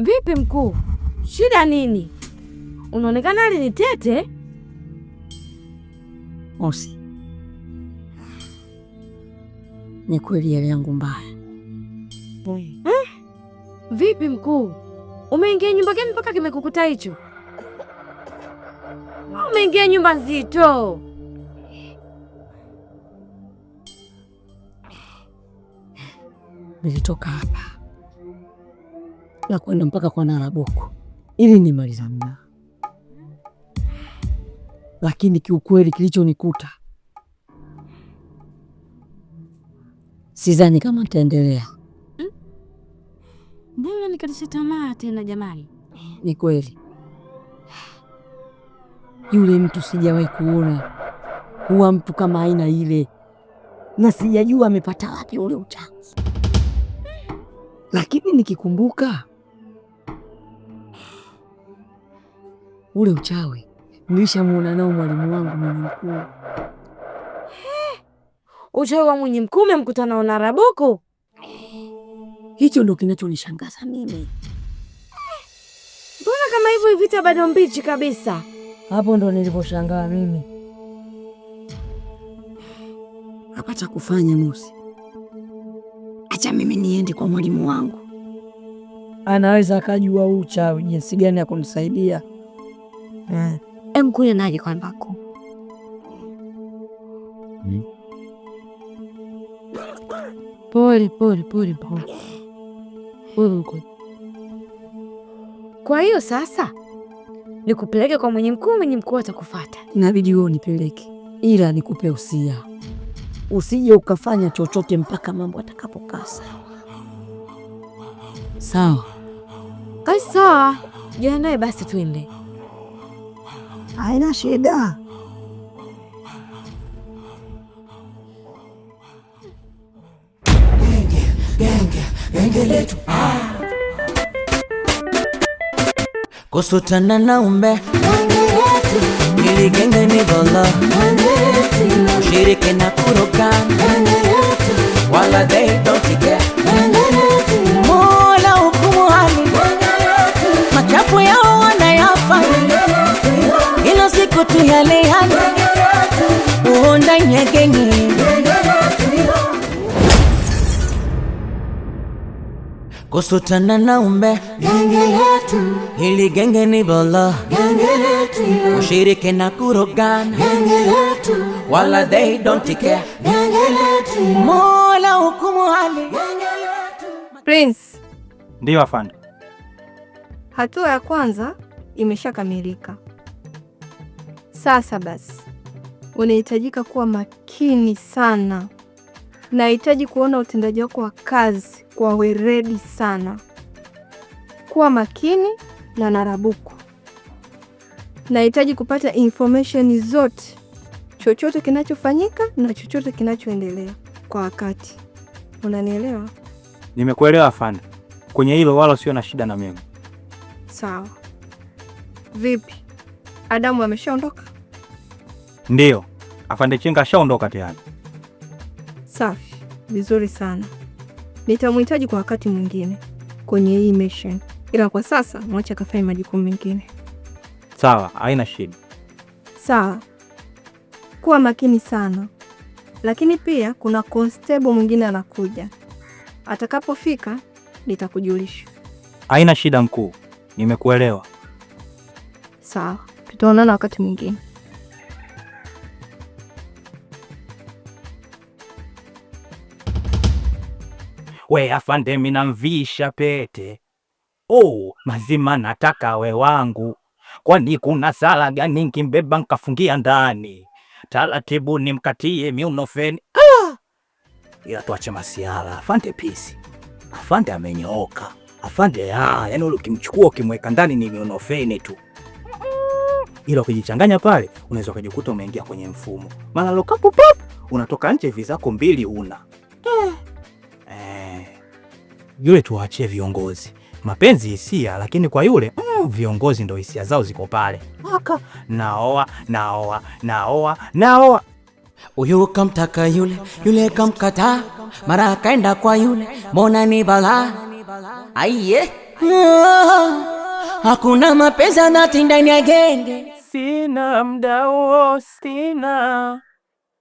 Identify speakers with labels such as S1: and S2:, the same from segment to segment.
S1: Vipi mkuu, shida nini? Unaonekana hali ni tete.
S2: osi ni kweli hali yangu mbaya.
S1: Eh? Vipi mkuu, umeingia nyumba gani mpaka kimekukuta hicho? Umeingia nyumba nzito.
S2: Nilitoka hapa na kwenda mpaka kwa Narabuku ili nimaliza mna, lakini kiukweli kilichonikuta sidhani kama nitaendelea. Hmm?
S1: Mbona nikatisha tamaa tena jamani?
S2: Ni kweli yule mtu sijawahi kuona kuwa mtu kama aina ile, na sijajua amepata wapi ule uchafu, lakini nikikumbuka ule uchawi nilishamuona nao mwalimu wangu mwenye mkuu.
S1: Uchawi wa mwenye mkuu umemkuta nao na Rabuku.
S2: Hicho ndo kinachonishangaza mimi.
S1: Mbona kama hivyo vita bado mbichi kabisa?
S2: Hapo ndo niliposhangaa mimi. Hapa kufanya Musi, acha mimi niende kwa mwalimu wangu, anaweza akajua uchawi jinsi gani ya kunisaidia.
S1: うん。M9년 이걸 받고. 응? Pole Kwa hiyo sasa nikupeleke kwa mwenye mkuu, mwenye mkuu atakufuata.
S2: Inabidi wewe unipeleke, ila nikupe usia, usije ukafanya chochote mpaka mambo atakapokaa sawa. Sawa,
S1: kazi sawa. Jiandae basi, tuende
S2: haina shida.
S3: Genge, genge, genge letu kusutana na umbe ili genge ni bolo ushiriki na kuruka wala they don't get mola hukumu hali machafu yao makuti yale yale uonda nyegenye kusutana na umbe hili genge ni bolo ushirike na kurogana wala they don't care Mola hukumu hali
S4: Prince. Ndiyo afande. Hatua ya kwanza imeshakamilika. Sasa basi, unahitajika kuwa makini sana. Nahitaji kuona utendaji wako wa kazi kwa weredi sana. Kuwa makini na Narabuku. Nahitaji kupata information zote, chochote kinachofanyika na chochote kinachoendelea kwa wakati. Unanielewa?
S5: Nimekuelewa afande, kwenye hilo wala sio na shida na mimi.
S4: Sawa. Vipi, Adamu ameshaondoka?
S5: Ndiyo, afande Chenga ashaondoka tayari.
S4: Safi, vizuri sana. Nitamhitaji kwa wakati mwingine kwenye hii mission, ila kwa sasa mwache akafanye majukumu mengine.
S5: Sawa, haina shida.
S4: Sawa, kuwa makini sana, lakini pia kuna constable mwingine anakuja. Atakapofika nitakujulisha.
S5: Haina shida mkuu, nimekuelewa.
S4: Sawa, tutaonana wakati mwingine.
S6: we afande, minamvisha pete oh, mazima nataka we wangu, kwani kuna sala gani nkimbeba nkafungia ndani taratibu ni mkatie feni ah! Ila tuache masiara, afande pisi, afande amenyooka, afande ya, ah, yani ule ukimchukua ukimweka ndani ni miuno tu ila ukijichanganya pale unaweza ukajikuta umeingia kwenye mfumo, mara lokapu pop unatoka nje hivi zako mbili una eh yule tuwaachie viongozi. Mapenzi hisia, lakini kwa yule mm, viongozi ndo hisia zao ziko pale. Aka naoa naoa naoa naoa,
S7: huyu kamtaka yule, yule kamkata mara kaenda kwa yule, mbona ni bala Aiye, ah, hakuna mapenzi anatinda ni
S8: sina mdao, sina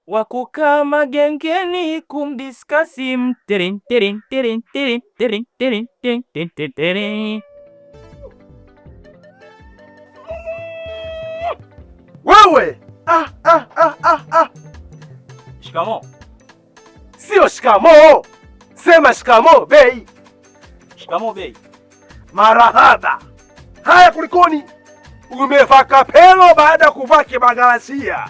S8: wakukaa magengeni kumdiskasi
S9: wewe Shikamo sio shikamo, sema shikamo bei. Shikamo bei, marahaba. Haya, kulikoni? Umevaa kapelo baada ya kuvaa kibagalasia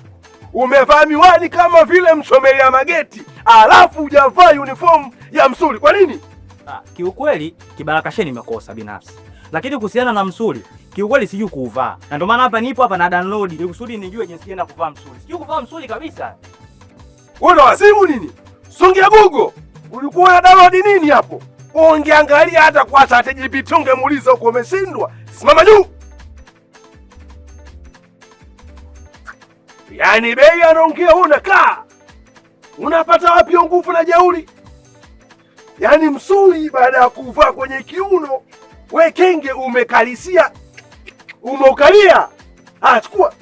S9: umevaa miwani kama vile mchomelea mageti, alafu hujavaa uniform ya msuli. Kwa nini?
S10: Ah, kiukweli kibarakasheni imekosa binafsi, lakini kuhusiana na msuli kiukweli sijui kuvaa, na ndio maana hapa nipo hapa na download ili kusudi nijue jinsi gani ya kuvaa msuli. Sijui kuvaa msuli kabisa.
S9: Wewe ndo wazimu nini? Songea Google. Ulikuwa na download nini hapo? Ungeangalia hata kwa ChatGPT ungemuuliza huko, umeshindwa. Simama juu. Yaani bei anaongea huna kaa, unapata wapi nguvu na jeuri? Yaani msuli baada ya kuvaa kwenye kiuno, we kenge umekalisia, umeukalia. Ah, chukua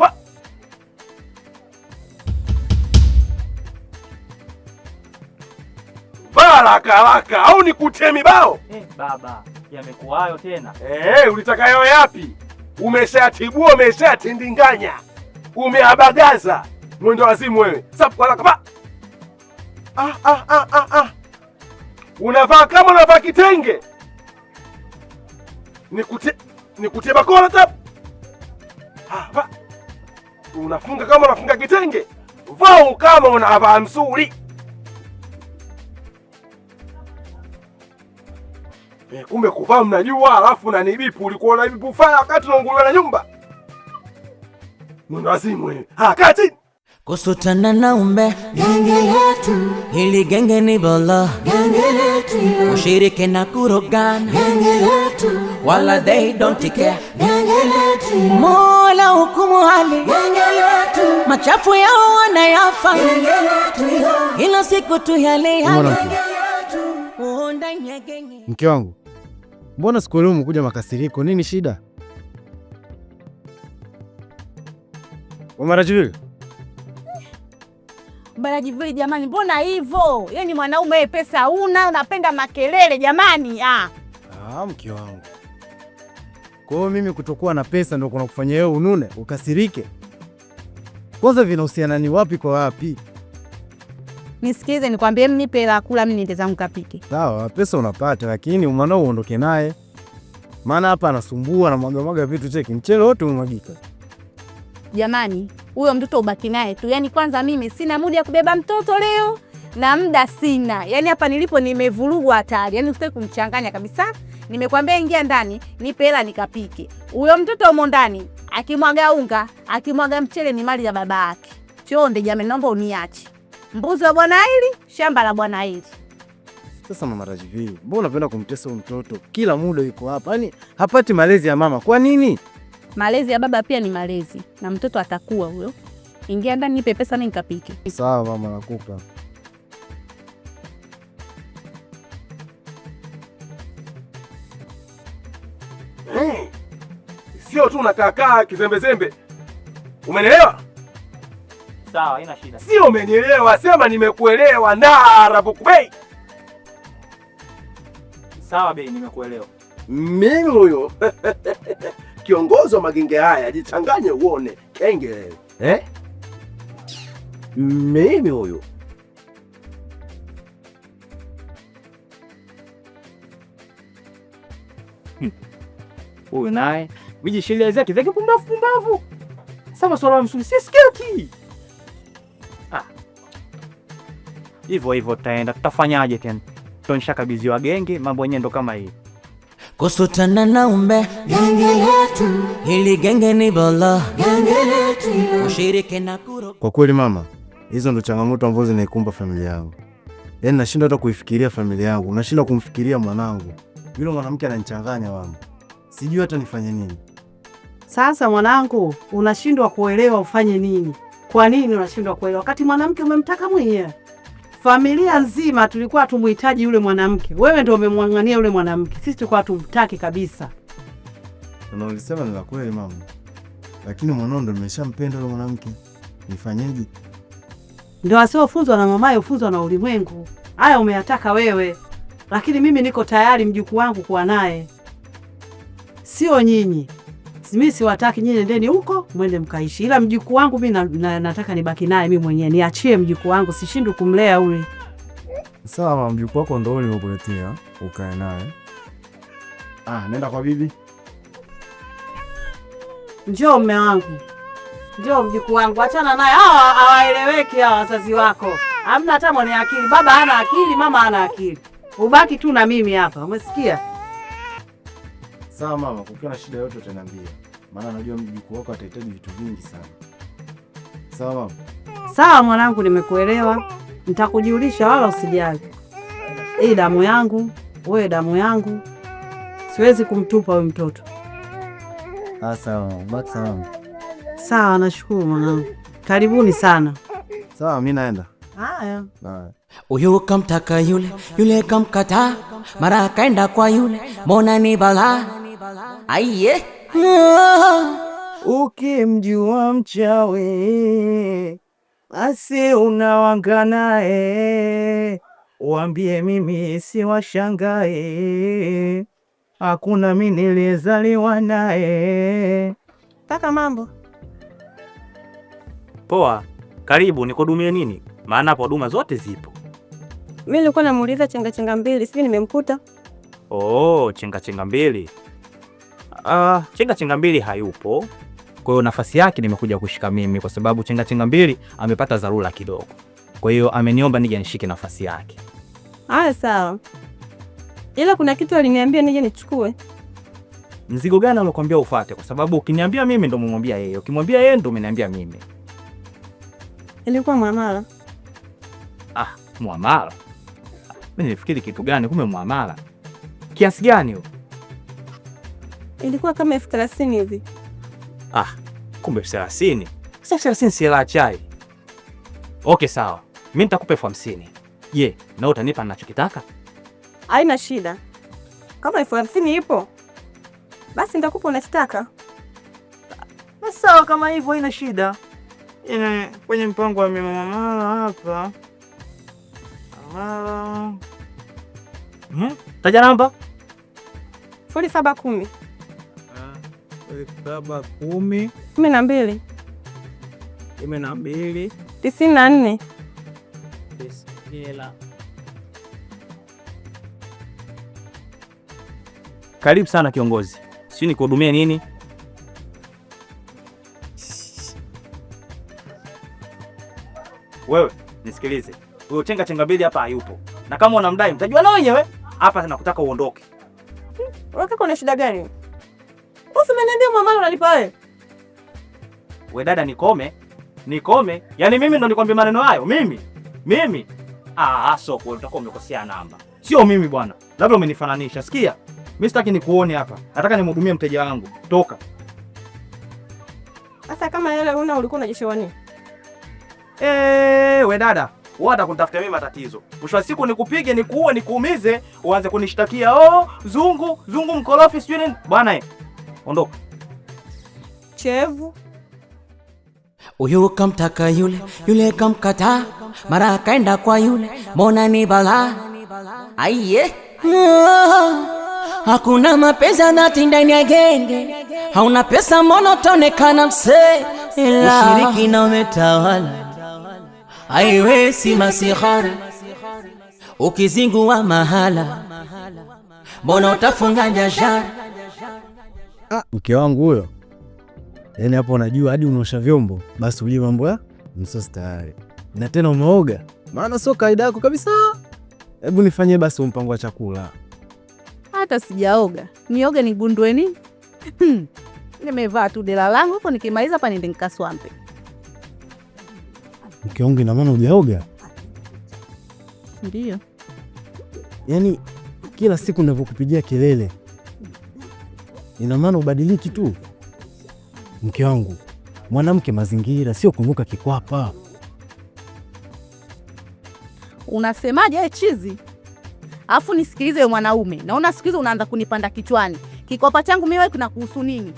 S9: baraka au kutemi bao?
S10: Eh, baba, yamekuwa tena.
S9: Eh, ulitaka yao yapi? Umeshatibua, umeshatindinganya umeabagaza mwendo wazimu wewe. kama
S11: ah, ah, ah, ah, ah.
S9: Unavaa kama unavaa kitenge, nikute nikute bakora tap. Ah, unafunga kama unafunga kitenge, vao kama unavaa mzuri eh, kumbe kuvaa mnajua, alafu nibipu Ulikuwa unanibipu faya wakati unaunguliwa na nyumba Mwendo wazimu
S3: Kusutana na umbe genge letu, hili genge ni bolo genge letu, ushirike na kurogana genge letu, wala they don't care genge letu, Mola hukumu hali genge letu, machafu yao yafa genge letu, ila siku tu yale
S5: yale genge letu. Mke wangu, mbona siku umekuja makasiriko? Nini shida? Wewe Marajivili.
S1: Marajivili jamani, mbona hivyo? Yaani mwanaume pesa una unapenda makelele jamani. Ah.
S5: Ah, mke wangu. Kwa hiyo mimi kutokuwa na pesa ndio kufanya wewe unune, ukasirike? Kwanza vinahusiana ni wapi kwa wapi?
S1: Nisikilize nikwambie, mnipe la kula, mimi niende zangu kapike.
S5: Sawa, pesa unapata, lakini mwanao uondoke naye, maana hapa anasumbua na mwagamwaga vitu. Cheki mchele wote umemwagika
S1: jamani, huyo mtoto ubaki naye tu. Yani kwanza mimi sina muda ya kubeba mtoto leo na muda sina, yani hapa nilipo nimevurugwa hatari, yani usitaki kumchanganya kabisa. Nimekwambia ingia ndani, nipe hela nikapike. Huyo mtoto umo ndani akimwaga unga, akimwaga mchele, ni mali ya baba yake. Chonde jamani, naomba uniache. Mbuzi wa bwana hili, shamba la bwana hili.
S5: Sasa mama Rajvi, mbona unapenda kumtesa huyu mtoto? Kila muda yuko hapa, yaani hapati malezi ya mama. Kwa nini?
S1: Malezi ya baba pia ni malezi, na mtoto atakuwa huyo. Ingia ndani, nipe pesa mimi nikapike.
S5: Sawa mama, nakupa
S9: mm. Sio tu unakaakaa kizembezembe, umenielewa?
S10: Sawa, haina shida.
S9: Sio umenielewa, sema nimekuelewa. Naarabukubei.
S10: Sawa bei, nimekuelewa
S9: mimi huyo kiongozi wa magenge haya jichanganye, uone kenge
S5: eh? Mimi huyu
S10: huyu naye vijishilia zake zake pumbavu pumbavu, sama swala msuri skeki ah. hivyo hivyo, tutaenda tutafanyaje tena? wa genge, mambo yenyewe ndo kama hii
S3: kusutana na umbe genge letu, hili genge ni bolo genge letu, ushirike na kuro.
S5: Kwa kweli mama, hizo ndo changamoto ambazo zinaikumba familia yangu, yaani nashinda hata kuifikiria familia yangu, nashinda kumfikiria mwanangu. Yule mwanamke ananichanganya mama, sijui hata nifanye nini.
S1: Sasa mwanangu, unashindwa kuelewa ufanye nini? Kwa nini unashindwa kuelewa wakati mwanamke umemtaka mwenyewe? familia nzima tulikuwa tumuhitaji yule mwanamke, wewe ndio umemwang'ania yule mwanamke, sisi tulikuwa tumtaki kabisa.
S5: Unalisema ni la kweli mama, lakini mwanao ndo nimeshampenda yule mwanamke, nifanyeje?
S1: Ndio asiofunzwa na mamaye hufunzwa na ulimwengu. Haya umeyataka wewe, lakini mimi niko tayari mjukuu wangu kuwa naye, sio nyinyi mimi siwataki nyinyi, endeni huko mwende mkaishi, ila mjukuu wangu mimi na, na, nataka nibaki naye mimi mwenyewe, niachie mjukuu wangu, sishindu kumlea ule.
S5: Sawa, mjukuu wako ndio nimekuletea, ukae naye. Ah, nenda kwa bibi.
S1: Njoo mme wangu, njoo mjukuu wangu, achana naye. Hawa hawaeleweki hawa wazazi wako, hamna hata mwenye akili. Baba hana akili, mama hana akili, ubaki tu na mimi hapa, umesikia?
S5: Sawa mama, kukiwa na shida yote utaniambia, maana najua mjukuu wako atahitaji vitu vingi sana. Sawa mama?
S1: Sawa mwanangu, nimekuelewa. Nitakujulisha, wala usijali. Hii damu yangu, wewe damu yangu, siwezi kumtupa huyu mtoto.
S5: Ah, sawa basi. Sawa
S1: sawa, nashukuru mwanangu, karibuni sana.
S5: Sawa, mimi naenda.
S1: Haya.
S7: Huyu kamtaka yule, yule kamkataa, mara akaenda kwa yule, mbona ni balaa aiye.
S8: Ah, Ukimjua mchawi basi unawanga naye, wambie mimi si washangae, hakuna mi nilizaliwa naye.
S4: paka mambo
S10: poa? Karibu, nikudumie nini? Maana hapo huduma zote zipo.
S4: Mi nilikuwa namuuliza chenga chenga mbili, sijui nimemkuta.
S10: Oh, chenga chenga mbili Uh, chenga chenga mbili hayupo, kwa hiyo nafasi yake nimekuja kushika mimi, kwa sababu chenga chenga mbili amepata dharura kidogo, kwa hiyo ameniomba nije nishike nafasi yake.
S4: Haya, sawa, ila kuna kitu aliniambia nije nichukue.
S10: Mzigo gani alokuambia ufate? Kwa sababu ukiniambia mimi ndo umemwambia yeye, ukimwambia yeye ndo umeniambia mimi.
S4: Ilikuwa mwamala.
S10: Ah, mwamala? Mimi nilifikiri kitu gani? Kumbe mwamala kiasi gani huo?
S4: ilikuwa kama elfu thelathini hivi.
S10: Ah, kumbe elfu thelathini Sasa elfu thelathini si hela chai. Okay, sawa, mi nitakupa elfu hamsini Je, na utanipa ninachokitaka?
S4: Haina shida, kama elfu hamsini ipo basi nitakupa unachotaka.
S1: Sawa, kama hivyo haina shida. Ina kwenye mpango wa mama Mara hapa
S10: Mara. Hmm? Taja namba.
S4: saba kumi
S5: saba kumi
S4: kumi na mbili
S5: kumi na mbili
S4: tisini na nne
S10: Karibu sana kiongozi, sijui nikuhudumia nini? Wewe nisikilize, huyo chenga chenga mbili hapa hayupo, na kama unamdai mtajua na wenyewe hapa. Nakutaka uondoke.
S4: Una shida gani? umeniambia mwamala unanipa wewe.
S10: We dada, nikome nikome, yaani mimi ndo nikwambia maneno hayo mimi mimi? Ah, soko utakuwa umekosea namba, sio mimi bwana, labda umenifananisha. Sikia, mimi sitaki nikuone hapa, nataka nimhudumie mteja wangu. Toka
S4: sasa, kama yale una ulikuwa unajishewa nini?
S10: Eh, we dada wewe wada kunitafutia mimi matatizo. Mwisho wa siku nikupige, nikuue, nikuumize, uanze kunishtakia oh, zungu zungu mkorofi sijui nini bwana. eh. Ondoka.
S4: Chevu
S7: huyu kamtaka yule yule kamkata mara akaenda kwa yule, mbona ni bala? Aiye, ah, hakuna mapenzi anatinda ndani ya genge, hauna pesa mbona utaonekana ushiriki na umetawala, aiwe si masihara, ukizingua mahala mbona utafunga biashara
S5: ah, mke wangu huyo. Yaani hapo unajua hadi unaosha vyombo, basi ujue mambo ya msosi tayari. Na tena umeoga, maana sio kaida yako kabisa. Hebu nifanyie basi mpango wa chakula.
S4: Hata sijaoga, nioge nigundue nini?
S1: Hmm. Nimevaa tu dela langu hapo, nikimaliza hapa niende nikaswampe.
S5: Mke wangu, ina maana ndio yani kila siku navyokupigia kelele ina maana ubadiliki tu. Mke wangu, mwanamke mazingira, sio kung'uka kikwapa.
S1: Unasemaje we eh, chizi? Afu nisikilize we mwanaume, naona siku hizi unaanza kunipanda kichwani. Kikwapa changu mimi wewe kuna kuhusu nini?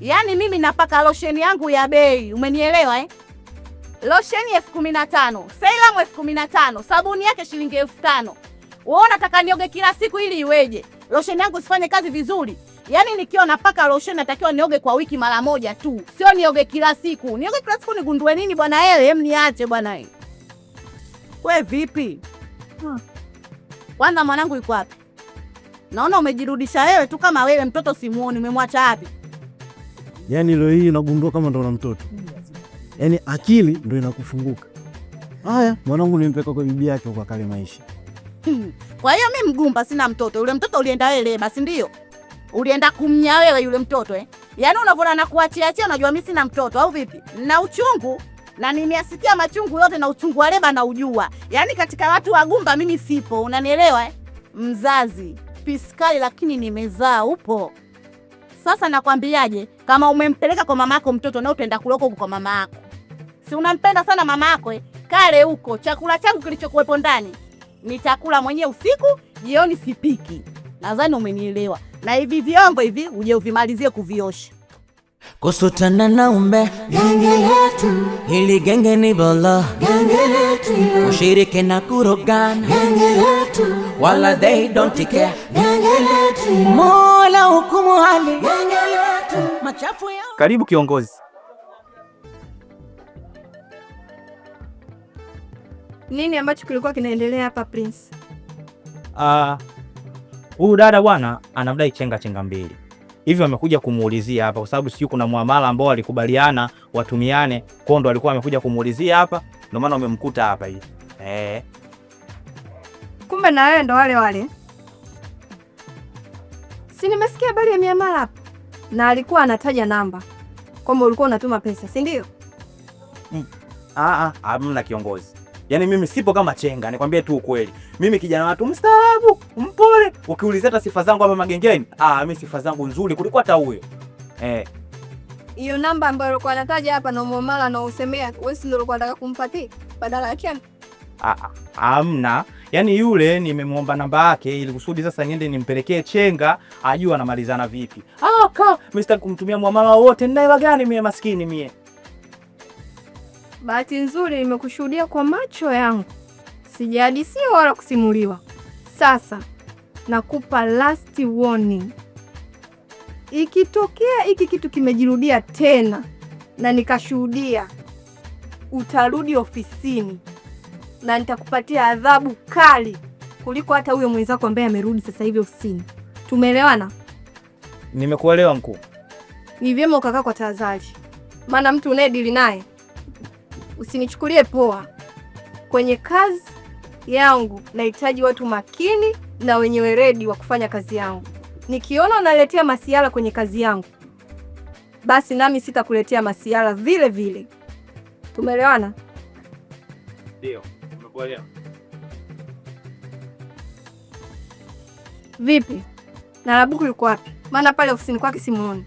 S1: Yaani mimi napaka losheni yangu ya bei, umenielewa eh? Losheni elfu kumi na tano seilamu elfu kumi na tano sabuni yake shilingi elfu tano Wewe unataka nioge kila siku ili iweje? Losheni yangu sifanye kazi vizuri? Yaani nikiwa napaka lotion natakiwa nioge kwa wiki mara moja tu, sio nioge kila siku. Nioge kila siku nigundue nini bwana? Ele, hem, niache bwana. We vipi hmm. kwanza? mwanangu yuko wapi? Naona umejirudisha wewe tu kama wewe mtoto, simuoni. Umemwacha wapi?
S5: Yaani leo hii nagundua kama ndo na mtoto, yaani akili ndo inakufunguka. Haya mwanangu, nimpeka kwa bibi yake kwa kale maisha.
S1: Hmm. kwa hiyo mi mgumba, sina mtoto. Yule mtoto ulienda wewe leba, si ndio? ulienda kumnya wewe yule mtoto eh? Yaani unavona na kuachiachia, unajua mimi sina mtoto au vipi? Na uchungu na nimeasikia machungu yote na uchungu wa leba na ujua, yaani katika watu wagumba mimi sipo, unanielewa eh? Mzazi piskali, lakini nimezaa upo. Sasa nakwambiaje, kama umempeleka kwa mamako mtoto na utaenda kuloko kwa mamako, si unampenda sana mamako eh? Kale huko chakula changu kilichokuwepo ndani nitakula mwenyewe usiku, jioni sipiki. Nadhani umenielewa. Na hivi vyombo hivi uje uvimalizie kuviosha.
S3: Kusutana na umbe genge letu, hili genge ni bolo genge letu, ushirike na kurogana genge letu, wala they don't care genge letu, Mola hukumu hali genge letu, machafu ya.
S10: Karibu kiongozi.
S4: Nini ambacho kilikuwa kinaendelea hapa Prince?
S10: Ah, uh, Huyu dada bwana anamdai chenga chenga mbili hivi wamekuja kumuulizia hapa kwa sababu sijui kuna muamala ambao walikubaliana watumiane, kwao ndo alikuwa amekuja kumuulizia hapa, ndio maana wamemkuta hapa hii eh.
S4: Kumbe na wewe ndo wale wale, si nimesikia habari ya miamala hapa, na alikuwa anataja namba kwamba ulikuwa unatuma pesa, si ndio?
S10: Hmm. Ah, ah, amna kiongozi, yaani mimi sipo kama chenga, nikwambie tu ukweli. Mimi kijana watu mstaarabu, mpole. Ukiulizia hata sifa zangu hapa magengeni, ah, mimi sifa zangu nzuri kuliko hata huyo. Eh.
S4: Hiyo namba ambayo alikuwa anataja hapa na Momala na usemea, wewe ndio ulikuwa unataka kumpatia badala yake.
S10: Ah, ah amna. yani, yule nimemwomba namba yake ili kusudi sasa niende nimpelekee chenga ajue anamalizana vipi. Ah, ka, mimi kumtumia mwamala wote ninaye wa gani mie maskini mie.
S4: Bahati nzuri nimekushuhudia kwa macho yangu sijahadisiwa wala kusimuliwa. Sasa nakupa last warning, ikitokea hiki kitu kimejirudia tena na nikashuhudia, utarudi ofisini na nitakupatia adhabu kali kuliko hata huyo mwenzako ambaye amerudi sasa hivi ofisini. Tumeelewana?
S5: Nimekuelewa mkuu.
S4: Ni vyema ukakaa kwa tahadhari, maana mtu unayedili naye usinichukulie poa kwenye kazi yangu nahitaji watu makini na wenye weredi wa kufanya kazi yangu. Nikiona unaletea masiala kwenye kazi yangu, basi nami sitakuletea masiala vile vile. Tumeelewana?
S10: Ndio, umekuelewa.
S4: Vipi Narabuku yuko wapi? Maana pale ofisini kwake simuoni.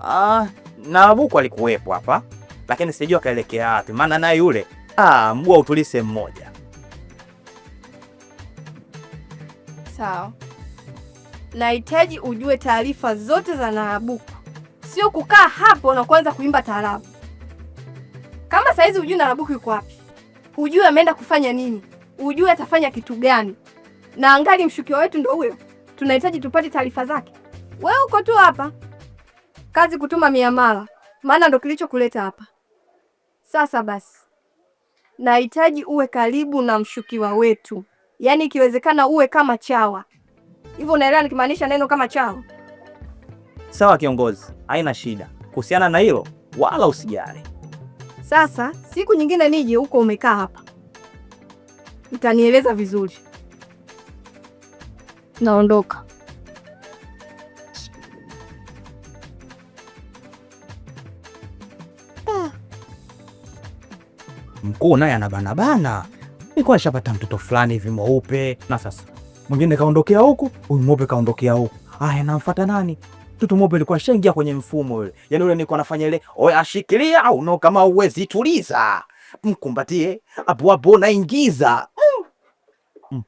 S10: Ah, Narabuku alikuwepo hapa, lakini sijui akaelekea wapi, maana naye yule ah, mbwa utulise mmoja
S4: sawa. Nahitaji ujue taarifa zote za Narabuku, sio kukaa hapo na kuanza kuimba taarabu. Kama saizi hujui Narabuku yuko wapi, hujui ameenda kufanya nini, hujui atafanya kitu gani, na angali mshukiwa wetu ndo huyo, tunahitaji tupate taarifa zake. Wewe uko tu hapa kazi kutuma miamala, maana ndo kilichokuleta hapa. Sasa basi, nahitaji uwe karibu na mshukiwa wetu yaani ikiwezekana uwe kama chawa hivyo. Unaelewa nikimaanisha neno kama chawa?
S10: Sawa kiongozi, haina shida kuhusiana na hilo, wala usijali.
S4: Sasa siku nyingine nije huko, umekaa hapa utanieleza vizuri. Naondoka.
S10: Mkuu naye anabanabana nilikuwa nishapata mtoto fulani hivi mweupe, na sasa mwingine kaondokea huku, huyu mweupe kaondokea huku. Aya, namfuata nani? Mtoto mweupe alikuwa ashaingia kwenye mfumo ule, yani ule nilikuwa nafanya ile oya, ashikilia au no, kama uwezi tuliza, mkumbatie apo apo, naingiza mm. mm.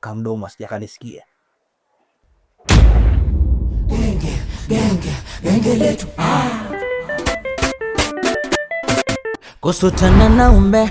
S10: kamdomo asija kanisikia genge genge genge letu ah. na umbe